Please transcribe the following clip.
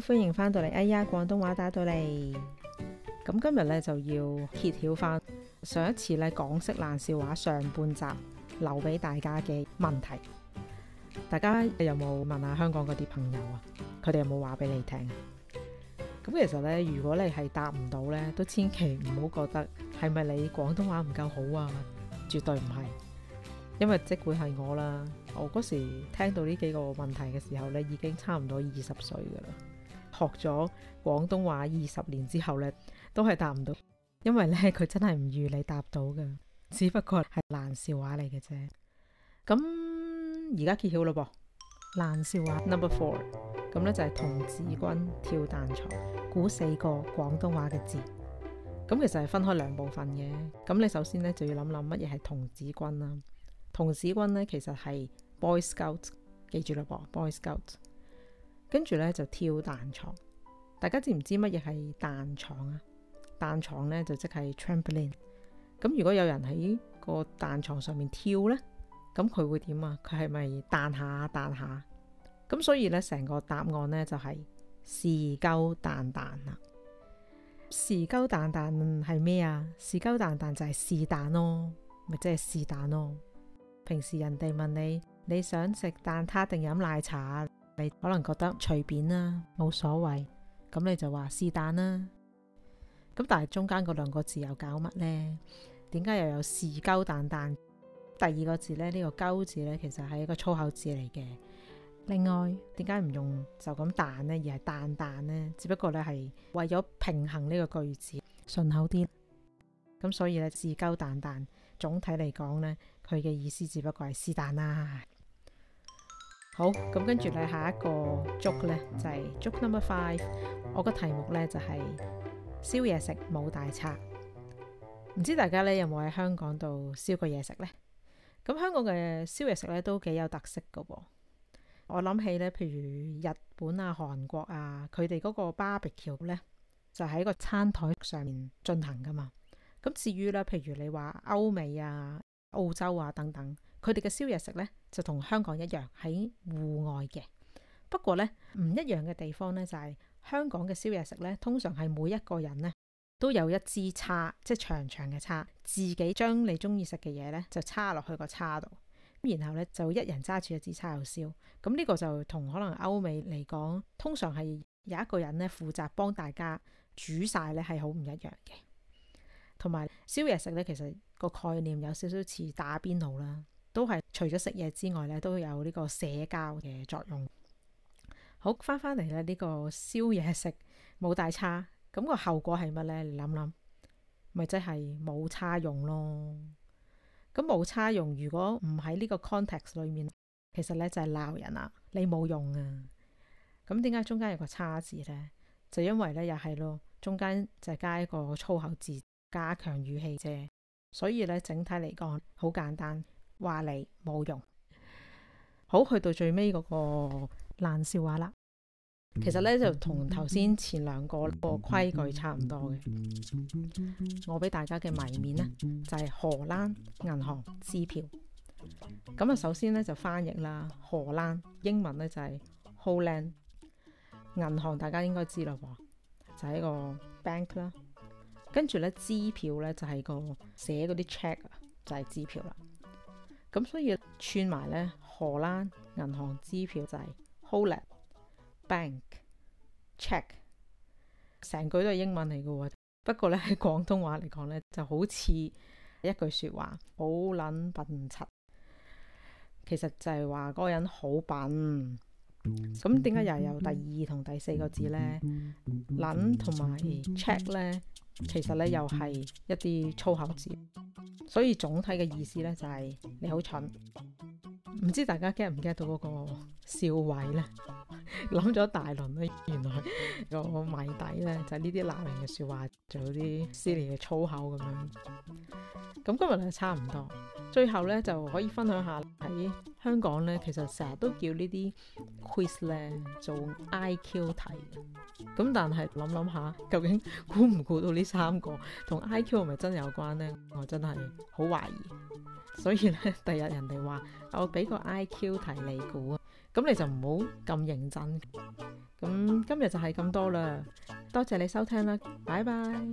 歡迎翻到嚟，哎呀，廣東話打到嚟。咁今日咧就要揭曉翻上一次咧港式爛笑話上半集留俾大家嘅問題。大家有冇問下香港嗰啲朋友啊？佢哋有冇話俾你聽啊？咁其實咧，如果你係答唔到咧，都千祈唔好覺得係咪你廣東話唔夠好啊？絕對唔係，因為即管會係我啦。我嗰時聽到呢幾個問題嘅時候咧，已經差唔多二十歲噶啦。學咗廣東話二十年之後呢，都係答唔到，因為呢，佢真係唔預你答到㗎，只不過係爛笑話嚟嘅啫。咁而家揭曉啦噃，爛笑話 number four，咁呢就係童子軍跳彈床，估四個廣東話嘅字。咁其實係分開兩部分嘅，咁你首先呢就要諗諗乜嘢係童子軍啦。童子軍呢其實係 boy scout，記住啦噃，boy scout。跟住咧就跳彈牀，大家知唔知乜嘢係彈牀啊？彈牀咧就即係 trampoline。咁如果有人喺個彈牀上面跳咧，咁佢會點啊？佢係咪彈下彈下？咁所以咧成個答案咧就係是鳩蛋蛋啦。是鳩蛋蛋係咩啊？是鳩蛋蛋就係是蛋咯，咪即係是蛋咯。平時人哋問你，你想食蛋撻定飲奶茶啊？你可能覺得隨便啦，冇所謂，咁你就話是但啦。咁但係中間嗰兩個字又搞乜呢？點解又有是鳩旦旦？第二個字呢，呢，呢個鳩字呢，其實係一個粗口字嚟嘅。另外，點解唔用就咁旦呢？而係旦旦呢？只不過呢，係為咗平衡呢個句子順口啲。咁所以呢，是鳩旦旦，總體嚟講呢，佢嘅意思只不過係是但啦。好，咁跟住你下一個 joke 呢，就係、是、joke number five，我個題目呢，就係燒嘢食冇大拆。唔知大家呢，有冇喺香港度燒過嘢食呢？咁香港嘅燒嘢食呢，都幾有特色噶噃，我諗起呢，譬如日本啊、韓國啊，佢哋嗰個 barbecue 呢，就喺、是、個餐台上面進行噶嘛。咁至於呢，譬如你話歐美啊、澳洲啊等等。佢哋嘅宵夜食呢，就同香港一樣喺戶外嘅，不過呢，唔一樣嘅地方呢，就係香港嘅宵夜食呢，通常係每一個人呢都有一支叉，即係長長嘅叉，自己將你中意食嘅嘢呢，就叉落去個叉度，然後呢，就一人揸住一支叉又燒。咁呢個就同可能歐美嚟講，通常係有一個人呢負責幫大家煮晒，呢係好唔一樣嘅。同埋宵夜食呢，其實個概念有少少似打邊爐啦。都係除咗食嘢之外呢，都有呢個社交嘅作用。好，返返嚟呢，呢個宵夜食冇帶叉，咁、那個後果係乜呢？你諗諗，咪即係冇叉用咯。咁冇叉用，如果唔喺呢個 context 裏面，其實呢就係、是、鬧人啦，你冇用啊。咁點解中間有個叉字呢？就因為呢又係咯，中間就加一個粗口字，加強語氣啫。所以呢，整體嚟講，好簡單。話你冇用，好，去到最尾嗰個爛笑話啦。其實呢，就同頭先前兩個個規矩差唔多嘅。我俾大家嘅謎面呢，就係荷蘭銀行支票咁啊。就首先呢，就翻譯啦，荷蘭英文呢，就係 Holland 銀行，大家應該知啦，就係一個 bank 啦。跟住呢，支票呢，就係個寫嗰啲 check 就係支票啦。咁所以串埋咧，荷蘭銀行支票就係 Holland Bank Check，成句都係英文嚟嘅喎。不過咧，喺廣東話嚟講咧，就好似一句説話，好撚笨柒。其實就係話嗰個人好笨。咁點解又有第二同第四個字咧？撚同埋 Check 咧，其實咧又係一啲粗口字。所以總體嘅意思咧就係、是、你好蠢，唔知道大家 get 唔 get 到嗰個笑位呢？諗咗 大輪啦，原來個謎底咧就係呢啲難明嘅說話，仲有啲犀利嘅粗口咁樣。咁今日係差唔多，最後咧就可以分享下喺香港咧，其實成日都叫呢啲 quiz 咧做 I Q 題。咁但係諗諗下，究竟估唔估到呢三個同 I Q 係咪真有關咧？我真係好懷疑。所以咧，第日人哋話我俾個 I Q 題你估啊！咁你就唔好咁認真。咁今日就係咁多啦，多謝你收聽啦，拜拜。